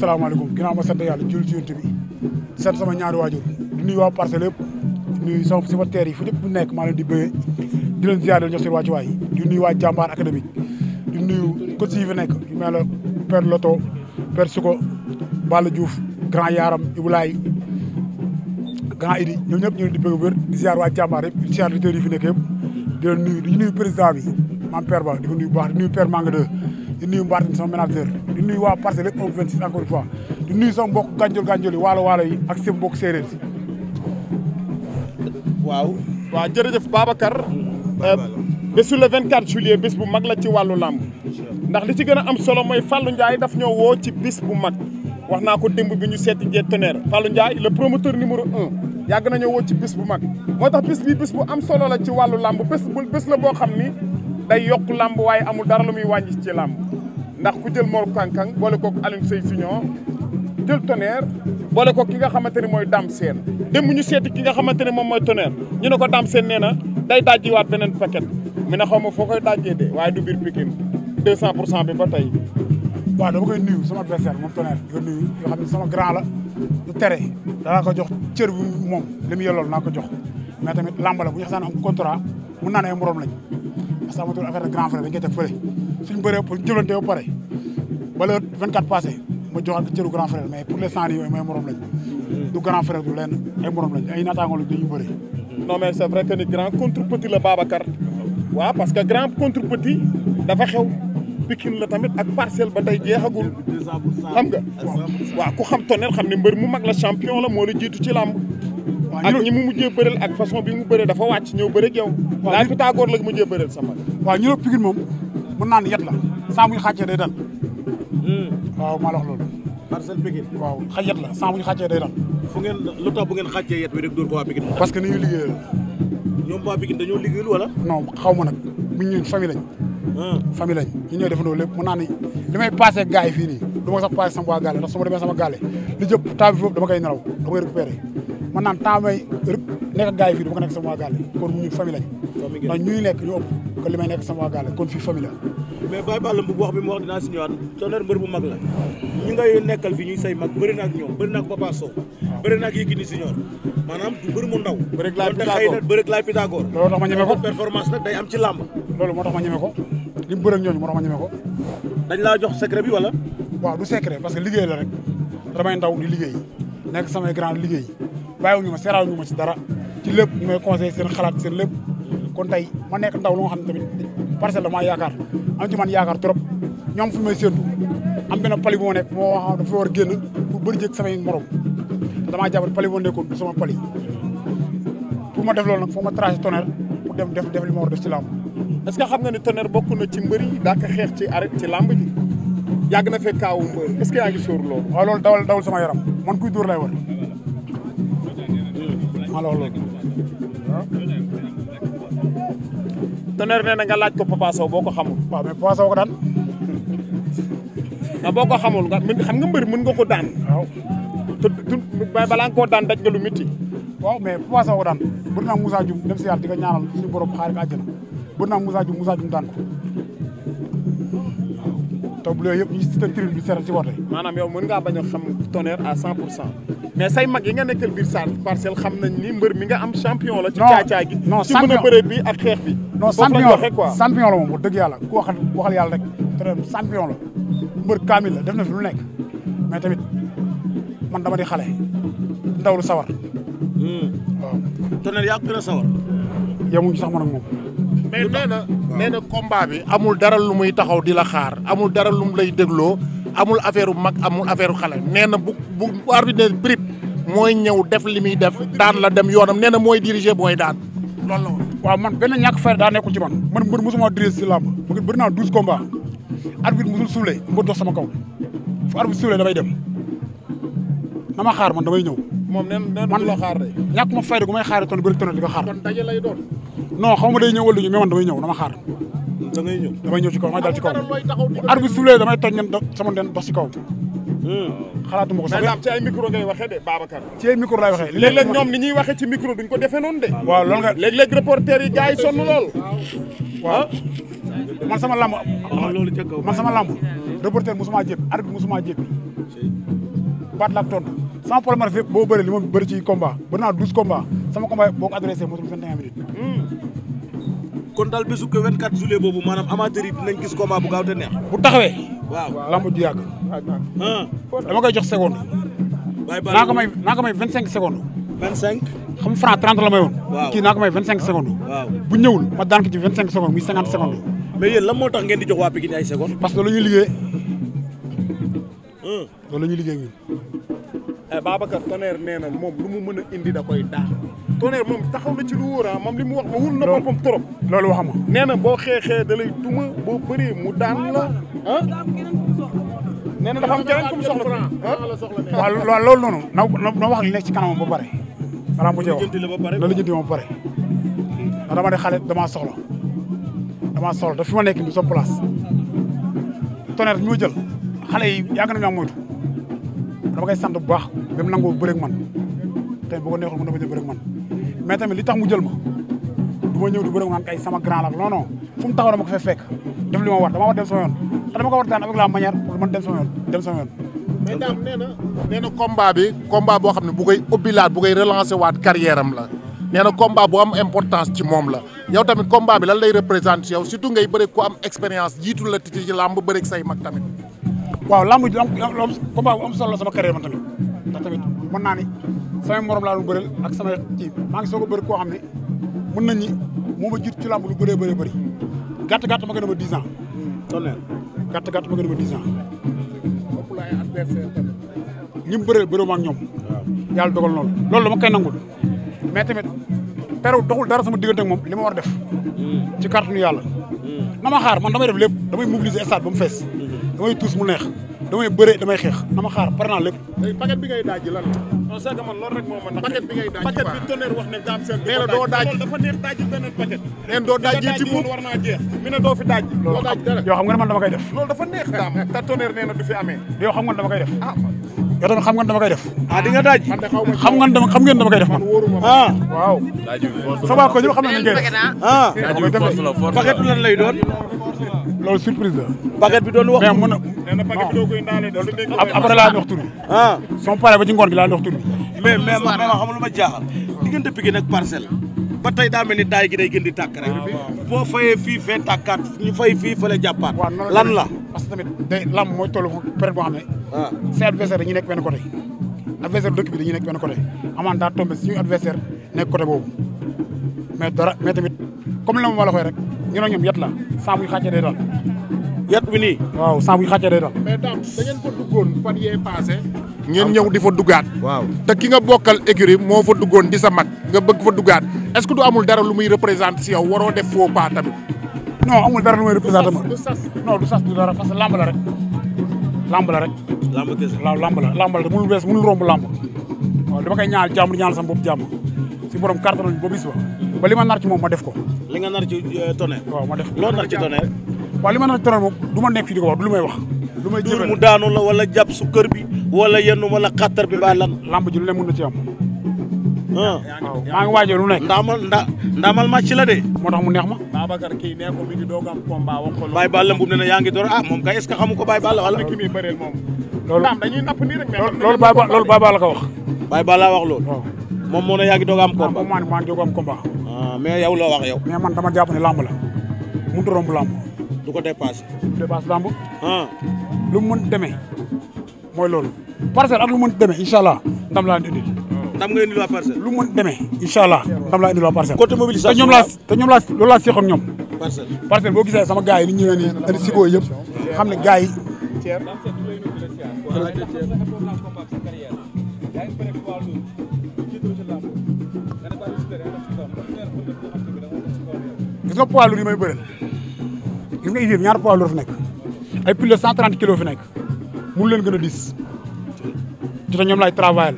salaamaaleykum ginnaaw ma sant yàlla jul ci bi sant sama ñaari waajur di nuyu waa parcelle yëpp di nuyu sama supporters yi fu ñëpp nekk maa leen di bëggee di leen ziar jox seen wàccuwaay di nuyu waa jàmbaar académique di nuyu coach yi fi nekk yu mel ne Père Loto Père Suko Balla Diouf grand Yaram Ibulaay grand Idi ñoom ñëpp ñu di bëgg wér di ziar waa jàmbaar yëpp di ziar lutteurs yi fi nekk yëpp di leen nuyu di nuyu président bi maam Père Ba di ko nuyu bu baax di nuyu Père Manga 2 di nuyu Mbathine sama manager di nuyu waa parcelle yëpp 26 encore une fois di nuyu sama mbokk gànjol gànjol yi waalo waalo yi ak seen mbokk séeréer si waaw waaw jërëjëf Babacar mm. euh, bésu le 24 juillet bis bu mag la ci wàllu làmb ndax li ci gën a am solo mooy Fallou Ndiaye daf ñoo woo ci bis bu mag wax naa ko démb bi ñu seet jee tonnerre Fallou Ndiaye le promoteur numéro un yàgg nañoo woo ci bis bu mag moo tax bis bii bis bu am solo la ci wàllu làmb bés bés la boo xam ni day yokk làmb waaye amul dara lu muy wàññi ci làmb ndax ku jël Mor Kankang boole kook Alioune si Signon jël tonnerre boole ko ki nga xamante ne mooy Dame Sène dem ñu seeti ki nga xamante ne moom mooy tonnerre ñu ne ko Dame Sène nee na day dajjiwaat beneen paquet mi ne xaw ma foo koy dajjee de waaye du biir Pikine deux cent pour cent bi ba tey waa waaw dama koy nuyu sama adversaire moom tonnerre di ko sama grand la tere danaa ko jox cër bi moom li mu naa ko jox mais tamit làmb la bu ñu xasaan am contrat mun naa ne ay morom lañ parce que amatul de grand suñ bëree pour jëlante ba pare bala 24 passé ma joxaat ko cëru grand frère mais pour l'instant nii mooy morom lañ du grand frère du lenn ay morom lañ ay naataangoo lañ dañu bëri. non mais c'est que ni grand contre petit la Babacar. parce que grand contre dafa xew. Pikine la tamit ak parcelle ba tey jeexagul xam nga waaw ku xam Tonnerre xam ne mbër mu mag la champion la moo la jiitu ci làmb ak ñi mu mujjee bëreel ak façon bi mu bëree dafa wàcc ñëw bëreeg yow laaj Pythagore la mujjee bëreel sama waaw ñu ne bu naan yet la saa muy xàccee day dal. Hmm. waaw maa la wax loolu. parcelle Pikine. waaw xay yet la saa muy xàccee day dal. fu ngeen lu tax bu ngeen xàccee yet bi rek dóor ko waa Pikine. parce que ni ñu liggéeyal. ñoom waa Pikine dañoo liggéeyal wala. non xaw ma nag buñ ñëwee famille lañ. Hmm. famille lañ ñu ñëw defandoo lépp mu naan ni li may passé gaay yi fii nii du ma sax passé sama waa gaale ndax su demee sama gaale li jëpp temps bi foofu dama koy nelaw dama koy récupéré man naan temps may nekk gaay yi fii du ma ko nekk sama waa gaale kon ñun famille lañ. ndax ñuy nekk ñu ëpp kon li may nekk sama waa gaale kon fii famille la mais Baye Balla wax bi mu wax dinaa si ñëwaat Tonnerre mbër bu mag la ñi say mag bëri na ak ñoom bëri na ak na ak Yékini mu ndaw bëri laay Pythagore ko performance am ci làmb loolu moo tax ko dañ laa jox secret bi wala waaw du secret parce que liggéey la rek damay ndaw di nekk samay grand liggéey bàyyiwuñu ma seeraawuñu ma ci dara ci lépp ñu may conseillé seen xalaat seen lépp kon tey ma nekk ndaw lu xam ne tamit parcelle la maa yaakaar am ci man yaakaar trop ñoom fu ma séentu am na pali bu ma nekk moo xam dafa war a génn pour bëri jëg samay morom te damaa jàpp pali bu ma nekkoon pali pour ma def loolu nag foo ma tracé tonnerre pour def def li ma war a def ci làmb est que xam nga ne tonnerre bokk na ci mbëri daak xeex ci arrêt ci làmb ji yàgg na fekk kaawu mbër est que yaa ngi sóor loolu waaw loolu dawal sama yaram man kuy dóor lay war tonnerre nee na nga laaj ko Papa Sow boo ko xamul. waaw mais Papa Sow ko daan. ah boo ko xamul nga xam nga mbëri mën nga ko daan. waaw te du balaa nga koo daj nga lu miti. waaw mais Papa Sow ko daan bu naa Moussa Dioum dem si yàlla di ko ñaanal suñu borom xaar ko àjjana bu te bu loolu yëpp ñu si tribune bi seetal si woote maanaam yow mën ngaa bañ a xam Tonnerre à cent pour cent mais say mag yi nga nekkal biir sa parcelle xam nañ ni mbër mi nga am champion la ci caacaa gi ci mën a bëre bi ak xeex bi non champion la moom wax dëgg yàlla ku waxal waxal rek Tonnerre champion la mbër kaamil la def na fi lu nekk mais tamit man dama di xale ndawlu sawar hmm. waaw Tonnerre yaa ko gën sawar yemuñu sax man ak moom. mais nee na nee na bi amul dara lu muy taxaw di la xaar amul dara lum lay dégloo amul affaire bu mag amul affaire bu xale nee na bu bu arbitre brip mooy ñëw def li muy def daan la dem yoonam nee na mooy diriger mooy daan loolu waaw man benn ñàkk fayda daa nekkul ci man man mbër mosuma diriger si làmb ma bëri naa douze combats arbitre mosul suulee mbër sama kaw fu arbitre suulee damay dem na ma xaar man damay ñëw. moom nee na la xaar de. ñàkk ma fayda gu may xaar ton bëri tonal di ko lay doon. non xaw ma day ñëw wala ñu mais man dama xaar. da ngay ñëw damay ñëw ci kaw dama dal ci kaw bu ar bi suulee damay toj ñen sama den ci kaw. Hmm. xalaatuma ko sax mais ci ay micro ngay waxee de Babacar. ci ay micro laay waxee léeg-léeg ñoom ni ñuy waxee ci micro duñ ko defee noonu de. waaw loolu nga léeg-léeg reporter yi gars yi sonn lool. waaw ah? man sama lamb. Ah, man sama lamb. reporter mosuma jëpp arbitre mosuma jëpp baat la ak tontu sama problème rek boo bëree li ma bëri ci combat bëri naa douze combat sama combat boo ko adressé motul 21 minutes. kon daal bésu ko 24 juillet boobu maanaam amateur yi dinañ gis combat bu gaaw te neex. bu taxawee. waaw lamb ah. dama koy jox seconde. waaye baax naa ko may naa ko may 25 secondes. 25. xam franc 30 la naa ko may bu ñëwul ma daan ko ci 25 secondes muy 50 secondes. mais yéen lan tax ngeen di jox waa Pikine ay secondes. parce que loolu la ñuy liggéey. loolu la ñuy liggéey. Eh, Babacar Tonnerre nee na moom lu mu mën a indi da koy daan. Tonnerre moom taxaw na ci lu wóor ah, moom li mu wax ma wul na boppam trop. loolu wax ma nee na boo xeexee da lay duma boo bëree mu daan la ah. nee na dafa am keneen ku mu soxla ah. waaw loolu noonu na na wax li nekk ci kanamam ba pare. maanaam bu wax loolu jëndi ma ba pare. ndax dama de xale damaa soxla damaa soxla te fi ma nekk nii sa place Tonnerre bi jël xale yi yàgg nañu am moytu dama koy sant bu baax ba mu nangoo bëreeg man tey bu ko neexul mën na bañ a bëreeg man. mais tamit li tax mu jël ma du ma ñëw di bëri naan ay sama grand la non non fu mu taxaw dama ko fa fekk def li ma war dama war dem sama yoon te dama ko war daan avec la manière pour man dem sama yoon dem sama yoon. mais daam nee na nee na combat bi combat boo xam ne bu koy ubbilaat bu koy relancer waat carrière am la. nee na combat bu am importance ci moom la yow tamit combat bi lan lay représenté yow surtout ngay bëri ku am expérience jiitu la titi ci làmb bëri say mag tamit. waaw làmb ji am combat bu am solo sama carrière man tamit ndax tamit mën naa ni samay morom laa lu bëreel ak sama ci maa ngi soog bër bëri koo xam ne mën nañ ñi moom ma jiitu ci làmb lu bëree bëree bëri gàtt gàtt ma gën a ma 10 ans. Tonnerre gàtt gàtt ma gën a ma 10 ans. bëreel bëree ma ak ñoom. waaw yàlla dogal loolu. loolu dama koy nangul mais tamit terew doxul dara sama diggante ak moom li ma war a def. Hmm. ci kàttanu yàlla. Hmm. na ma xaar man damay def lépp damay mobiliser stade ba mu fees. Hmm. damay tuus mu neex. damay bëre damay xeex dama xaar pare naa lépp. paquet ma. paquet bi ngay daaj paquet bi tonnerre wax ne daam seen. nee na doo daaj dafa neex na doo daaj def. loolu dafa neex daam te tonnerre nee na du fi amee. yow xam nga ne dama koy def. Ah, yow tamit xam nga dama koy def. ah di nga daaj. xam nga dama xam ngeen dama koy def man. ah, ah. waaw. sabaa ko ñëpp xam nañ koy def. ah paquet lan lay doon. loolu surprise la. paquet bi doon wax. mais mën na non après laa ñu wax tur bi. ah soo paree ba ci ngoon gi laa ñu wax tur bi. mais ma xam lu ma jaaxal diggante Pikine ba tey daa mel ni daay gi day gën di tàkk rek. boo fayee fii fee tàkkaat ñu fay fii fële jàppaat. lan la parce que tamit mooy tollu période boo xam ne. waaw ah. say adversaire dañuy nekk benn côté. adversaire boobu mais tamit comme la ma la koy rek ñu ne ñoom yat la saa muy xàccee day dal. yat bi nii. waaw saa muy xàccee day dal. mais daam da fa duggoon fan yee passé. ngeen ñëw di fa duggaat. waaw ki nga bokkal écurie moo fa duggoon di sa mag. nga bëgg fa duggaat est-ce que du amul dara lu muy représente si yow waroo def faux pas tamit. non amul dara lu muy représente ma du sas du dara parce que lamb la rek. lamb la rek. lamb kese la lamb la lamb la mënul wees mënul romb lamb. waaw dama koy ñaanal jàmm di ñaanal sama bopp jàmm si borom carton ba bis ba ma nar ci moom ma def ko. li nga nar ci euh, tonnerre. waaw ma def ko loo nar ci tonnerre. waaw li ma du ma nekk wax lu may wax. du may jëfandikoo mu daanu la wala jàpp su kër bi wala yenn wala xattar bi. mbaa lan lamb ji ne mën na ci maa ngi waajal lu nekk. ndaamal nda ndaamal match la de. moo tax mu neex ma. Babacar kii nee ko mi ngi doog am combat wax ko. Baye Balla Mboum ne na yaa ngi door ah moom kay est-ce que xamu ko Baye Balla wala. ki muy bëreel moom. loolu dañuy napp nii rek. loolu Baye Balla wax. loolu. moom moo ne yaa ngi doog am combat. waaw ah, wax yow. mais man dama jàpp ne lamb la mënut a romb lamb. du ko dépassé. du ah. mooy loolu. parcelle ak lu mu mën demee incha allah ndam laa ndam nga indil waa lu mën demee incha allah ndam laa indil waa parcelle. côté mobilisation te ñoom laa te ñoom laa loolu laa seq ak ñoom. parcelle parcelle boo gisee sama gars yi ni ñu ñëwee nii indi sigo yëpp xam ne gars yi. gis nga poids lourd yi may bëreel gis nga usine ñaar poids lourd fi nekk ay plus de 130 kilos fi nekk mënu leen gën a diis ci te ñoom laay travail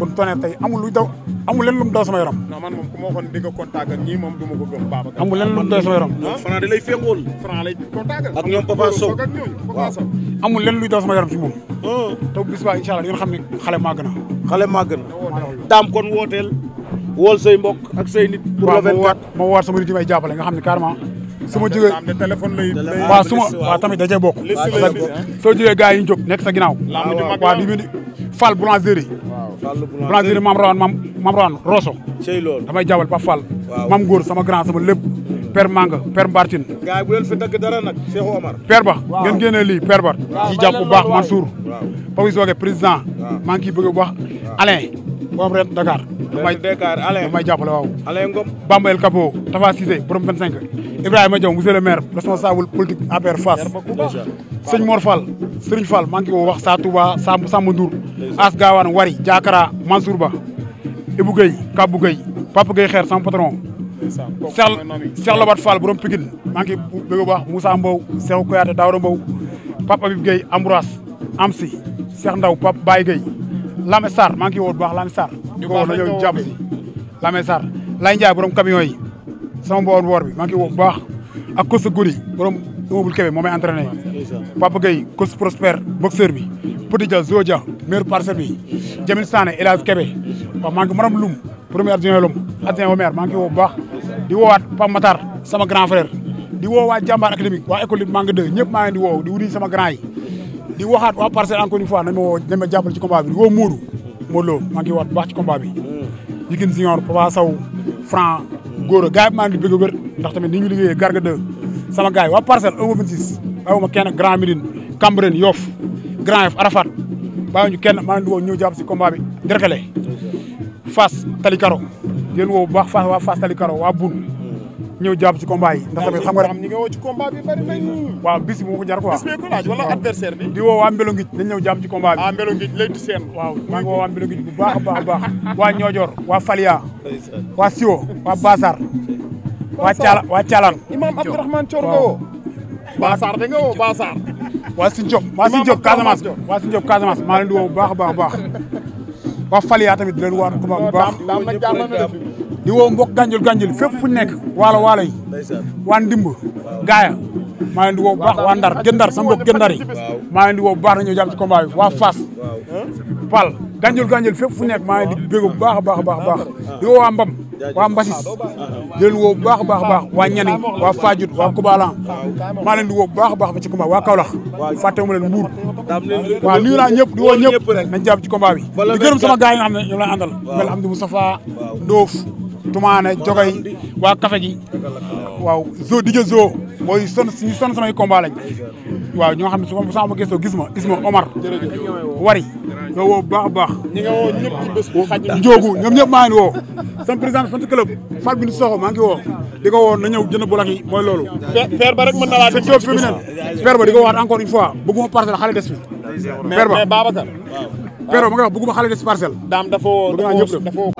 kon Tonnerre tey amul lu daw amul lenn lu mu daw sama yaram. non man moom ku ma waxoon di nga contact ak ñii moom du ma ko gëm Babacar. amul lenn lu daw sama yaram. amul lenn luy daw sama yaram ci moom. Oh. te bis baa incha allah ngeen xam ne xale ma woowaat sama nit yi may jàppale nga xam ne carrément. su ma jógee am ah, tamit dajee bokk. soo jógee gars yi ñu nekk sa ginnaaw. Ah, waaw Fall boulangerie. waaw Fall boulangerie boulangerie maam rawaan maam maam rawaan Roso. sey loolu damay jaawal Pape Fall. waaw maam Ngor sama grand sama lépp. père Manga père Mbartine. gars ba ngeen génnee lii père ba. waaw ci jàpp bu baax Mansour. waaw Papi Soge président. waaw maa ngi ciy bëgg bu baax. waaw Alain. boobu ren Dakar. ren waaw. Alain Ngom Bamba El Capo Tafa Cissé borom Ibrahima Diaw monsieur le maire responsable politique APR Fass. sëñ Mor Fall. Serigne Fall maa ngi ko wax saa Touba saa Samba Ndour As Gawane Wari Diakara Mansour Ba Ibou Gueye Kabou Gueye Papa Gueye Xeer sama patron Cheikh Cheikh Labat Fall borom Pikine maa ngi bëgg baax Moussa Mbow Cheikh Kouyaté Daouda Mbow Papa Habib Amsi Cheikh Ndaw Papa Baye Gueye Lame Sarr maa ngi koy woo Lame Sarr di ko woo Lame Sarr Lay Ndiaye borom camion yi sama mbowoon bi maa ngi koy woo bu baax Guri borom immeuble Kébé moo may entraîné Papa Gueye coach Prosper boxeur bi Petit Dia Zodia maire parcelle bi Jamil Sané El Hadj Kébé waaw maa ngi maram lum premier adjoint lum adjoint au maire maa ngi woo bu baax di woowaat Pape Matar sama grand frère di woo waa jàmbaar waa école bi maa ñëpp maa di woo di wuti sama grand yi di waxaat waa parcelle encore une fois nañ ma woo nañ di woo Moodu Modou Lo maa ngi woowaat bu baax ci Papa Sow Franc Gora gars yi di bëgg wér ndax ma kenn Grand Médine Cambérène Yoff Grand Yoff Arafat bàyyiwuñu kenn maa ngi woo ñëw jàpp si combat bi Derklé Fass Tali Karo yéen woo bu baax Fass waa Fass Tali wa waa Boune ñëw jàpp ci combat yi ndax xam nga rek ñi nga woo ci combat bi bari di woo waa Mbelo Ngij dañ ñëw jàpp ci combat bi ah Mbelo Ngij waa Mbelo baax a baax a baax waa Ñoojoor waa Falia waa Sio waa Basar waa Caala waa Caalaan Imam Abdourahmane Thior nga Basaar da nga woo Basaar. waa si Diop waa si Diop Casamance waa si maa leen di woo baax a baax baax. waa Falia tamit di leen waat bu baax bu baax. di woo mbokk gànjul gànjul fépp fu nekk waalo waalo yi. waa ndimb gaaya maa leen di woo bu baax waa Ndar gën Ndar sama mbokk gën maa leen di woo bu baax na ñoo jàpp ci combat bi waa Fass. Pal gànjul gànjul fépp fu nekk maa leen di bégg bu baax a baax a baax di woo waa Mbam waa Mbassis di leen woo bu baax a baax baax waa Nianing waa Fadiouth waa Koubalan maa leen di woo bu baax baax ba ci combat waa Kaolack fàttewuma leen Mbour waaw nuyu naa ñëpp di woo ñëpp nañ jàpp ci combat bi di gërëm sama gars yi nga xam ne ñoom laa àndal mel am di Moustapha Ndoof Tumaane Jogay waa Café gi waaw zo di jo zo mooy son ñu son samay combat lañ waaw ñoo xam ne su sama gisoo gis ma gis ma Omar wari nga woo baax a baax. ñi nga woo ñëpp ci bés bu xaj. Njoogu ñoom ñëpp maa ngi woo. sama président fan club Fat Bintou Sokho maa ngi woo. di woo na ñëw jënd bolak yi mooy loolu. père ba rek mën na laa def ci féminin père ba di ko waat encore une fois bëgguma parcelle xale des fi. père ba mais ba ma ngi wax bëgguma des parcelle. daam dafa woo dafa woo